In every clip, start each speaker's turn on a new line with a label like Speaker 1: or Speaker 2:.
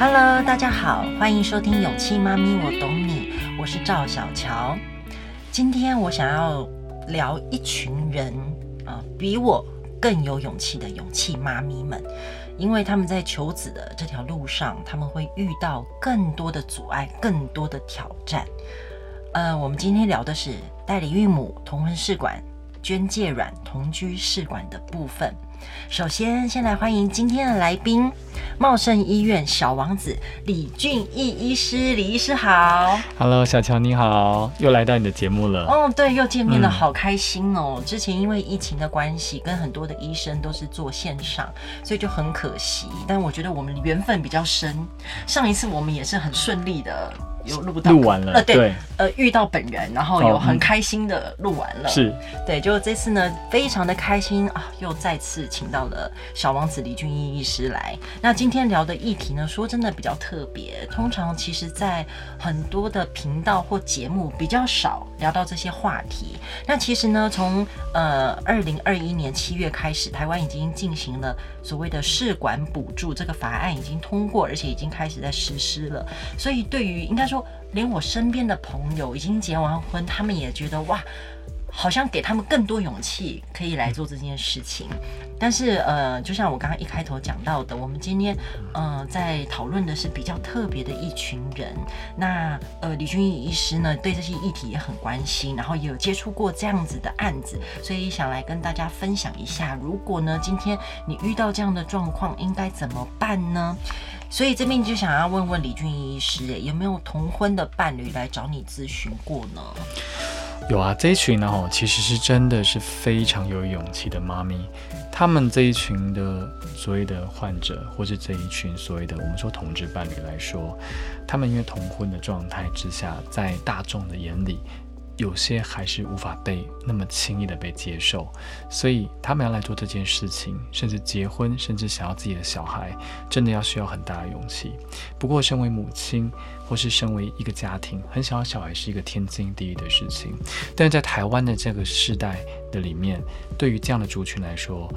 Speaker 1: Hello，大家好，歡迎收聽《勇氣媽咪，我懂你》，我是趙小喬。今天我想要聊一群人啊，呃，比我更有勇氣的勇氣媽咪們，因為他們在求子的這條路上，他們會遇到更多的阻礙，更多的挑戰。呃，我們今天聊的是代理孕母、同婚試管、捐借卵、同居試管的部分。首先，先來歡迎今天的來賓，茂盛醫院小王子李俊逸醫師，李醫師好。
Speaker 2: Hello，小喬你好，又來到你的節目了。
Speaker 1: 哦，對，又見面了好開心哦。嗯、之前因為疫情的關係，跟很多的醫生都是做線上，所以就很可惜。但我覺得我們緣分比較深，上一次我們也是很順利的有錄到，錄完了。啊、對，對，呃，遇到本人，然後有很開心的錄完了。嗯、是對，就這次呢，非常的開心啊，又再次。請到了小王子李俊逸醫師來。那今天聊的議題呢，說真的比較特別。通常其實，在很多的頻道或節目比較少聊到這些話題。那其實呢，從呃二零二一年七月開始，台灣已經進行了所謂的試管補助，這個法案已經通過，而且已經開始在實施了。所以對於應該說，連我身邊的朋友已經結完婚，他們也覺得哇，好像給他們更多勇氣可以來做這件事情。但是，呃，就像我剛剛一開頭講到的，我們今天，呃，在討論的是比較特別的一群人。那，呃，李俊逸醫師呢，對這些議題也很關心，然後也有接觸過這樣子的案子，所以想來跟大家分享一下，如果呢今天你遇到這樣的狀況，應該怎麼辦呢？所以這邊就想要問問李俊逸醫師，欸，有沒有同婚的伴侶來找你諮詢過呢？
Speaker 2: 有啊，這一群呢，啊，其實是真的是非常有勇氣的媽咪。他們這一群的所謂的患者，或是這一群所謂的我們說同志伴侶來說，他們因為同婚的狀態之下，在大眾的眼裡，有些還是無法被那麼輕易的被接受。所以他們要來做這件事情，甚至結婚，甚至想要自己的小孩，真的要需要很大的勇氣。不過，身為母親。或是身為一個家庭，很想要小孩是一個天經地義的事情，但在台灣的這個時代的裡面，對於這樣的族群來說，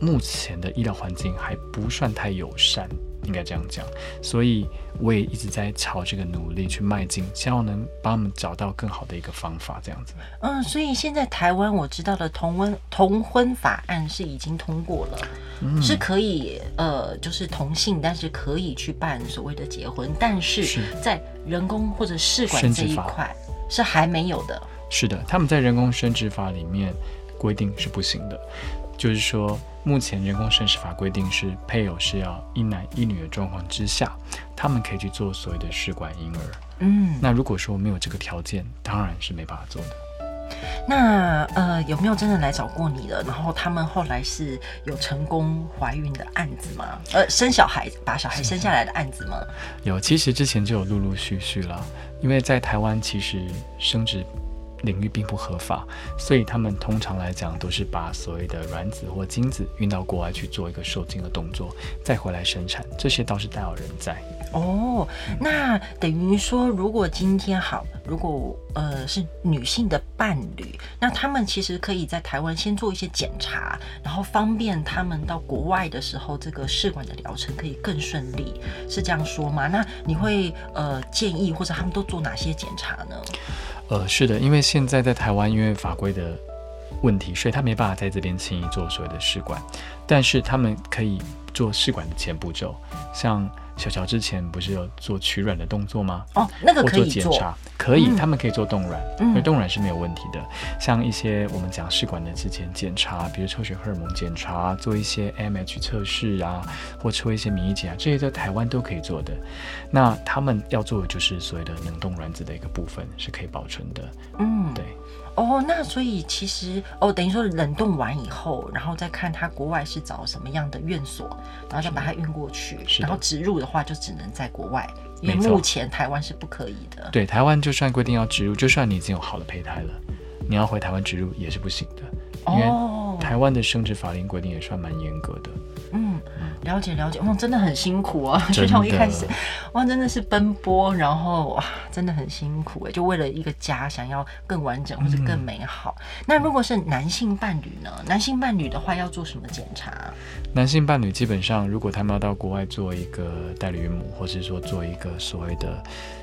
Speaker 2: 目前的醫療環境還不算太友善，應該這樣講。所以我也一直在朝這個努力去邁進，希望能幫我們找到更好的一個方法，這樣子。
Speaker 1: 嗯，所以現在台灣我知道的同婚同婚法案是已經通過了，嗯、是可以呃，就是同性，但是可以去辦所謂的結婚，但是在人工或者試管這一塊是還沒有的。是的，他們在人
Speaker 2: 工生殖法裡面。規定是不行的，就是說，目前人工生殖法規定是配偶是要一男一女的狀況之下，他們可以去做所謂的試管嬰兒。嗯，那如果說沒有這個條件，當然是沒辦法做的。
Speaker 1: 那呃，有沒有真的來找過你的？然後他們後來是有成功懷孕的案子嗎？呃，生小孩，把小孩生下來的案子嗎？是是。
Speaker 2: 有，其實之前就有陸陸續續了，因為在台灣其實生殖領域並不合法，所以他們通常來講都是把所謂的卵子或精子運到國外去做一個
Speaker 1: 受精的動作，再回來生產。這些倒是大有人在哦。那等於說，如果今天好，如果呃是女性的伴侶，那他們其實可以在台灣先做一些檢查，然後方便他們到國外的時候，這個試管的療程可以更順利。是這樣說嗎？那你會呃建議或者他們都做哪些檢查呢？
Speaker 2: 呃，是的，因為現在在台灣，因為法規的問題，所以他沒辦法在這邊輕易做所有的試管，但是他們可以做試管的前步驟，像小喬之前不是有做取卵的動作嗎？哦，那個可以做，嗯，可以，他們可以做凍卵，嗯，因為凍卵是沒有問題的。像一些我們講試管的之前檢查，比如抽血荷爾蒙檢查，做一些 MH 測試啊，或抽一些免疫檢，這些在台灣都可以做的。那他們要做的就是所謂的冷凍卵子的一個部分是可以保存的。
Speaker 1: 嗯，對。哦，那所以其實哦，等於說冷凍完以後，然後再看他國外是找什麼樣的院所，然後再把它運過去，是的，然後植入的。話就只能在國外，因為目前台灣是不可以的。對，
Speaker 2: 台灣就算規定要植入，就算你已經有好的胚胎了，你要回台灣植入也是不行的，
Speaker 1: 哦、因為。台
Speaker 2: 灣的生殖法令規定也算蠻嚴格的。嗯，
Speaker 1: 了解了解。哇，真的很辛苦啊！真的，就像我一開始，哇，真的是奔波，然後哇，真的很辛苦誒。就為了一個家，想要更完整或者更美好。嗯、那如果是男性伴侶呢？男性伴侶的話要做什麼檢查？
Speaker 2: 男性伴侶基本上，如果他們要到國外做一個代理孕母，或是說做一個所謂的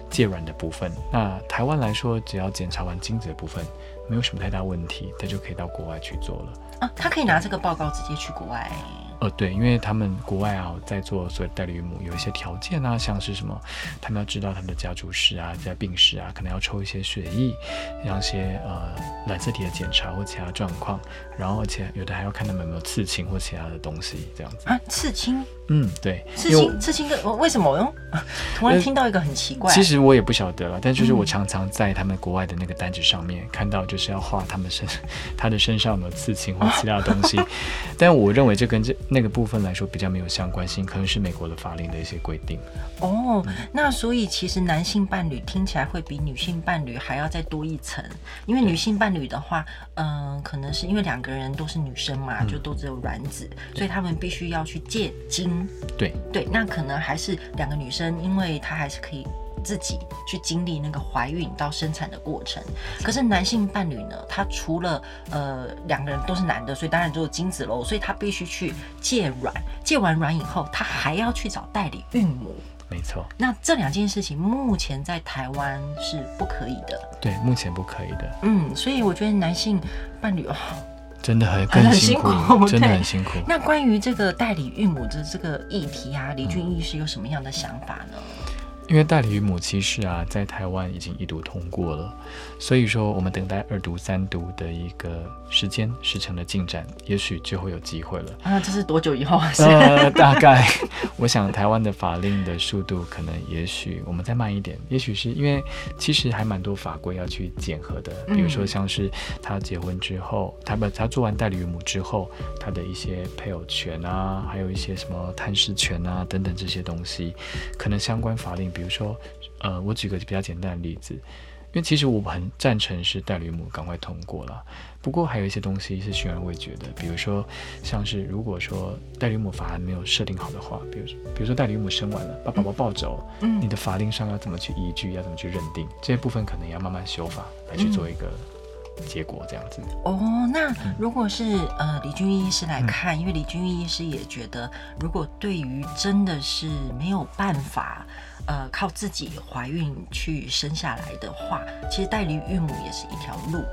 Speaker 2: 借卵的部分，那台灣來說，只要檢查完精子的部分，沒有什麼太大問題，他就可以到國外去做了。
Speaker 1: 啊，他可以拿這個報告直接去國外。
Speaker 2: 哦、對，因為他們國外啊，在做所謂代理孕母有一些條件啊，像是什麼，他們要知道他們的家族史啊、在病史啊，可能要抽一些血液，然後一些呃染色體的檢查或其他狀況，然後而且有的還要看他們有沒有刺青或其他的東西這樣子
Speaker 1: 啊，刺青，嗯，
Speaker 2: 對，刺青，
Speaker 1: 刺青跟為什麼喲、啊？突然聽到一個很奇怪，呃、其實
Speaker 2: 我也不曉得，了，但就是我常常在他們國外的那個單子上面、嗯、看到，就是要畫他們身他的身上有沒有刺青或其他的東西，哦、 但我認為這跟這。那個部分來說比較沒有
Speaker 1: 相關性，可能是美國的法令的一些規定。哦，oh, 那所以其實男性伴侶聽起來會比女性伴侶還要再多一層，因為女性伴侶的話，嗯對、呃，可能是因為兩個人都是女生嘛，嗯、就都只有卵子，對所以他們必須要去借精。對對，那可能還是兩個女生，因為她還是可以。自己去經歷那個懷孕到生產的過程，可是男性伴侶呢？他除了呃兩個人都是男的，所以當然只有精子嘍，所以他必須去借卵，借完卵以後，他還要去找代理孕母。沒錯，那這兩件事情目前在台灣是不可以的。
Speaker 2: 對，目前不可以的。
Speaker 1: 嗯，所以我覺得男性伴侶哦，啊、
Speaker 2: 真的很，啊、很辛苦，真的很辛苦。那
Speaker 1: 關於這個代理孕母的這個議題啊，李俊逸醫師有什麼樣的想法呢？嗯
Speaker 2: 因為代理孕母是啊，在台灣已經一讀通過了，所以說我們等待二讀、三讀的一個時間時程的進展，也許就會有機會
Speaker 1: 了。啊，這是多久以後啊？呃，大概。
Speaker 2: 我想台灣的法令的速度可能也，也許我們再慢一點，也許是因為其實還蠻多法規要去檢核的，比如說像是他結婚之後，他不他做完代理母之後，他的一些配偶權啊，還有一些什麼探視權啊等等這些東西，可能相關法令，比如說，呃，我舉個比較簡單的例子。因為其實我很贊成是代理母趕快通過了，不過還有一些東西是懸而未決的，比如說像是如果說代理母法案沒有設定好的話，比如比如說代理母生完了把寶寶抱走，嗯、你的法令上要怎麼去依據，要怎麼去認定，嗯、這些部分可能也要慢慢修法來去做一個結果，嗯、這
Speaker 1: 樣子。哦，那如果是呃李俊逸醫師來看，嗯、因為李俊逸醫師也覺得，如果對於真的是沒有辦法。呃，靠自己懷孕去生下來的話，其實代理孕母也是一條路。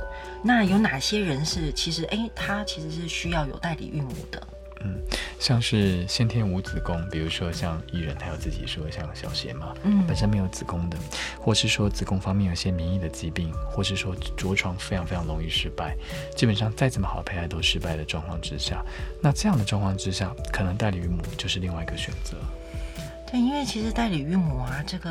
Speaker 1: 那有哪些人是其實誒、欸，他其實是需要有代理孕母的？嗯，
Speaker 2: 像是先天無子宮，比如說像藝人，他有自己說像小邪嘛，本身沒有子宮的，嗯、或是說子宮方面有些免疫的疾病，或是說着床非常非常容易失敗，嗯、基本上再怎麼好的胚胎都失敗的狀況之下，那這樣的狀況之下，可能代理孕母就是另外一個選擇。
Speaker 1: 因為其實代理孕母啊，這個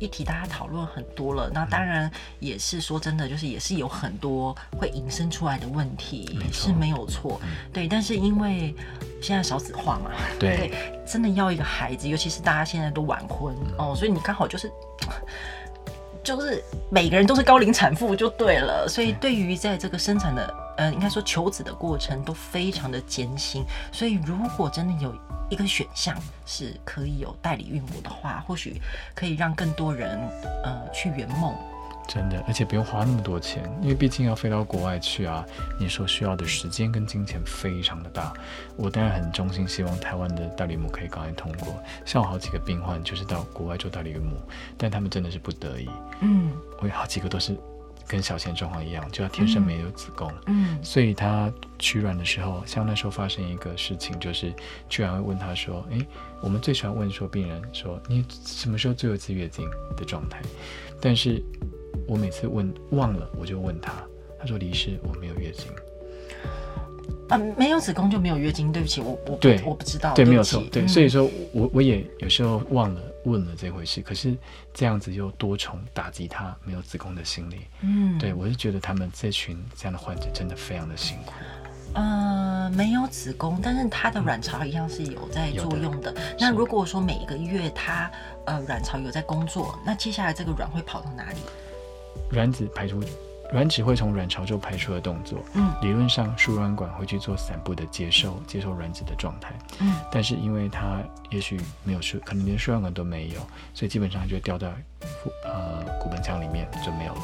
Speaker 1: 議題大家討論很多了，那當然也是說真的，就是也是有很多會引申出來的問題、嗯、是沒有錯，嗯、對。但是因為現在少子化嘛，、啊對，對，真的要一個孩子，尤其是大家現在都晚婚哦，所以你剛好就是就是每個人都是高齡產婦就對了，所以對於在這個生產的呃，應該說求子的過程都非常的艱辛，所以如果真的有一個選項是可以有代理孕母的話，或許可以讓更多人呃去圓夢。
Speaker 2: 真的，而且不用花那麼多錢，因為畢竟要飛到國外去啊，你所需要的時間跟金錢非常的大。我當然很衷心希望台灣的代理母可以趕快通過。像我好幾個病患就是到國外做代理孕母，但他們真的是不得已。嗯，我有好幾個都是。跟小錢狀況一樣，就她天生沒有子宮，嗯，嗯，所以她取卵的時候，像那時候發生一個事情，就是居然會問她說：“哎、欸，我們最喜歡問說病人說你什麼時候最後一次月經的狀態？”但是我每次問忘了，我就問她，她說：“離世，我沒有月經。”
Speaker 1: 啊，沒有子宮就沒有月經。對不起，我我對，我不知道，對，對，沒有錯，對，嗯、所以說
Speaker 2: 我我也有時候忘了問了這回事，可是這樣子又多重打擊他沒有子宮的心理，嗯，對，我是覺得他們這群這樣的患者真的非常的辛苦、嗯。
Speaker 1: 呃，沒有子宮，但是他的卵巢一樣是有在作用的。嗯、有的，那如果說每個月他呃卵巢有在工作，那接下來這個卵會跑到哪裡？
Speaker 2: 卵子排出。卵子會從卵巢就排出的動作，嗯，理論上輸卵管會去做散布的接收，接受卵子的狀態，嗯，但是因為它也許沒有輸，可能連輸卵管都沒有，所以基本上就掉到呃骨盆腔裡面就沒有了。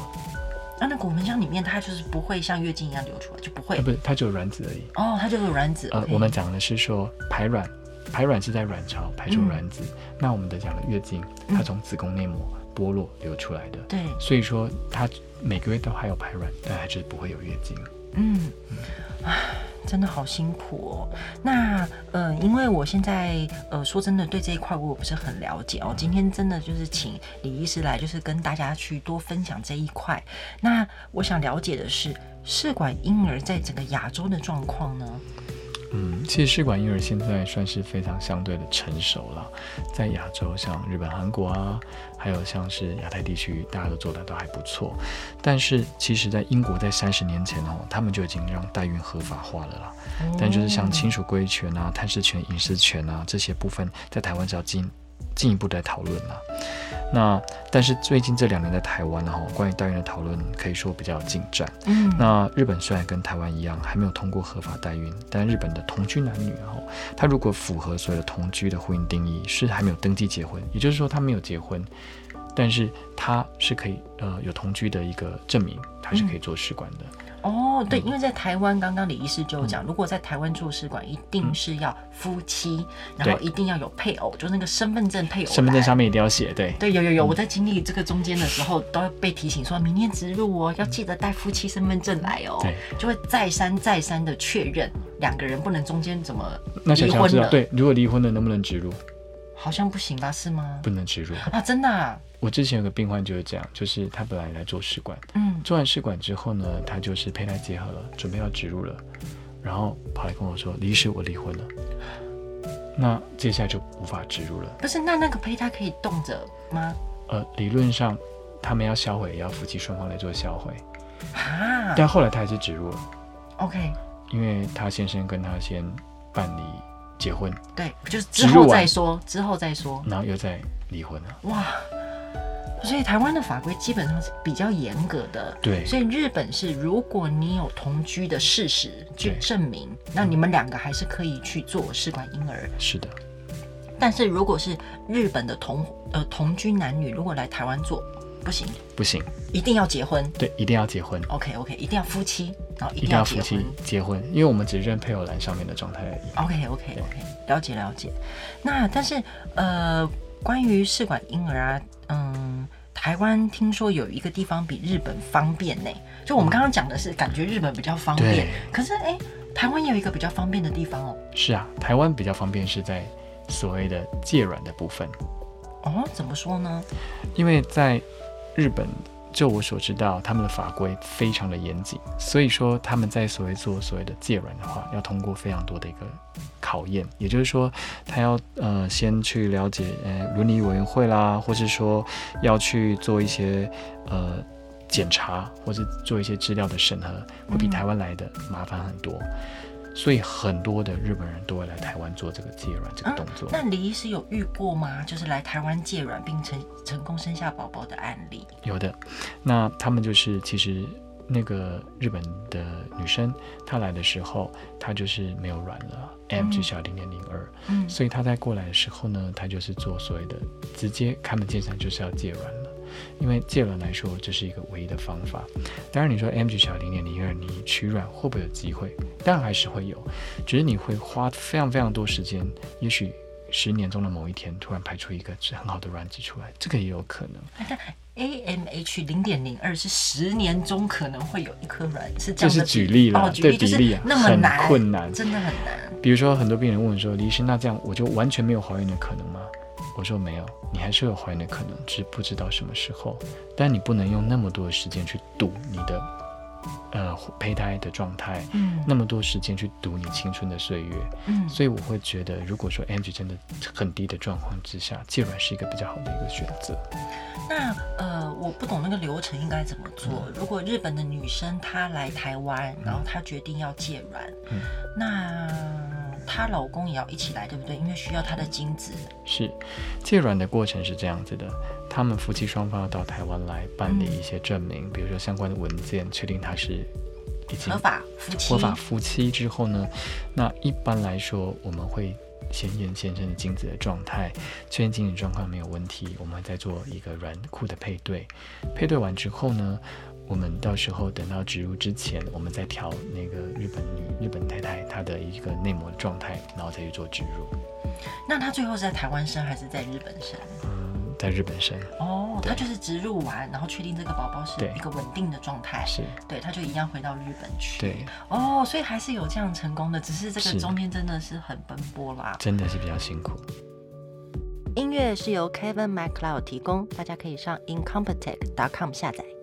Speaker 1: 那、啊、那骨盆腔裡面它就是不會像月經一樣流出來，就不會？啊、
Speaker 2: 不是，它只有卵子而已。
Speaker 1: 哦，它就是有卵子。呃，OK 我們
Speaker 2: 講的是說排卵，排卵是在卵巢排出卵子，嗯、那我們的講的月經，它從子宮內膜。嗯嗯剝落流出來的，對，所以說他每個月都還有排卵，但還是不會有月
Speaker 1: 經。嗯，嗯，唉，真的好辛苦哦。那，呃，因為我現在，呃，說真的，對這一塊我不是很了解哦。今天真的就是請李醫師來，就是跟大家去多分享這一塊。那我想了解的是，試管嬰兒在整個亞洲的狀況呢？
Speaker 2: 嗯，其實試管嬰兒現在算是非常相對的成熟了，在亞洲像日本、韓國啊，還有像是亞太地區，大家都做的都還不錯。但是其實，在英國在三十年前哦，他們就已經讓代孕合法化了啦。嗯、但就是像親屬歸權啊、探視權、隱私權啊這些部分，在台灣是要進。進一步的討論了，啊。那但是最近這兩年在台灣呢，哈，關於代孕的討論可以說比較有進展。嗯，那日本雖然跟台灣一樣還沒有通過合法代孕，但日本的同居男女，哦，哈，他如果符合所謂的同居的婚姻定義，是還沒有登記結婚，也就是說他沒有結婚。但是他是可以呃有同居的一個證明，他是可以做試管的。
Speaker 1: 嗯。哦，對，因為在台灣，剛剛李醫師就講，嗯、如果在台灣做試管，一定是要夫妻，嗯、然後一定要有配偶，嗯、就是那個身份證配偶，身份證上
Speaker 2: 面一定要寫。對對，
Speaker 1: 有有有，我在經歷這個中間的時候，嗯、都會被提醒說，說明天植入哦，要記得帶夫妻身份證來哦。嗯、就會再三再三的確認兩個人不能中間怎麼離婚了。對，
Speaker 2: 如果離婚了，能不能植入？
Speaker 1: 好像不行吧？是嗎？
Speaker 2: 不能植入
Speaker 1: 啊！真的、啊？
Speaker 2: 我之前有個病患就是這樣，就是他本來來做試管，嗯，做完試管之後呢，他就是胚胎結合了，準備要植入了，然後跑來跟我說：“李醫師，我離婚了。”那接下來就無法植入了。
Speaker 1: 不是，那那個胚胎可以凍着嗎？
Speaker 2: 呃，理論上他們要銷毀，也要夫妻雙方來做銷毀。
Speaker 1: 啊！但
Speaker 2: 後來他還是植入了。OK、嗯。因為他先生跟他先辦理。結婚，
Speaker 1: 對，就是之後再說，之後再說，
Speaker 2: 然後又再離婚了。
Speaker 1: 哇，所以台灣的法規基本上是比較嚴格的。對，所以日本是，如果你有同居的事實去證明，對那你們兩個還是可以去做試管嬰兒。是的，但是如果是日本的同呃同居男女，如果來台灣做，不行，不行，一定要結婚。
Speaker 2: 對，一定要結婚。
Speaker 1: OK OK，一定要夫妻。哦，一定，夫妻一定
Speaker 2: 要結婚，結婚，因為我們只認配偶欄上面的狀態而
Speaker 1: 已。OK，OK，OK，了解了解。那但是呃，關於試管嬰兒啊，嗯，台灣聽說有一個地方比日本方便呢？就我們剛剛講的是感覺日本比較方便，對可是誒，台灣也有一個比較方便的地方哦。
Speaker 2: 是啊，台灣比較方便是在所謂的借卵的部分。
Speaker 1: 哦，怎麼說呢？
Speaker 2: 因為在日本。就我所知道，他們的法規非常的嚴謹，所以說他們在所謂做所謂的借卵的話，要通過非常多的一個考驗，也就是說，他要呃先去了解呃倫理委員會啦，或是說要去做一些呃檢查，或是做一些資料的審核，會比台灣來的麻煩很多。所以很多的日本人都會來台灣做這個借卵、嗯、這個動作。嗯、那李
Speaker 1: 醫師有遇過嗎？就是來台灣借卵並成成功生下寶寶的案例？
Speaker 2: 有的。那他們就是其實那個日本的女生，她來的時候她就是沒有卵了、嗯、m 就小於零點零二，G 2, 嗯、所以她在過來的時候呢，她就是做所謂的直接開門見山就是要借卵。因為借卵來說，這是一個唯一的方法。當然，你說 MG 小於零點零二，你取卵會不會有機會？當然還是會有，只是你會花非常非常多時間。也許十年中的某一天，突然排出一個很好的卵子出來，這個也有可能。啊、
Speaker 1: 但 AMH 零點零二是十年中可能會有一顆卵子，是這，這是舉例了。例對，比例啊，那麼難，很困難，真的很
Speaker 2: 難。比如說，很多病人問說，李醫生，那這樣我就完全沒有懷孕的可能嗎？我說沒有，你還是有懷孕的可能，只不知道什麼時候。但你不能用那麼多的時間去賭你的，呃，胚胎的狀態，嗯，那麼多時間去賭你青春的歲月，嗯。所以我會覺得，如果說 Angie 真的很低的狀況之下，借卵是一個比較好的一個選擇。
Speaker 1: 那呃，我不懂那個流程應該怎麼做。如果日本的女生她來台灣，然後她決定要借卵，嗯，那。她老公也要一起來，對不對？因為需要他的精子。
Speaker 2: 是，借卵的過程是這樣子的：他們夫妻雙方要到台灣來辦理一些證明，嗯、比如說相關的文件，確定他是合法夫妻。合法夫妻之後呢，那一般來說我們會先驗先生的精子的狀態，確認精子狀況沒有問題，我們再做一個卵庫的配對。配對完之後呢？我們到時候等到植入之前，我們再調那個日本女、日本太太她的一個內膜狀態，然後再去做植入。
Speaker 1: 那她最後是在台灣生還是在日本生？嗯、
Speaker 2: 在日本生。哦、
Speaker 1: oh, 對，她就是植入完，然後確定這個寶寶是一個穩定的狀態，是對，她就一樣回到日本去。對，哦，oh, 所以還是有這樣成功的，只是這個中間真的是很奔波啦，真
Speaker 2: 的是比較辛苦。
Speaker 1: 音樂是由 Kevin MacLeod 提供，大家可以上 incompetech.com 下載。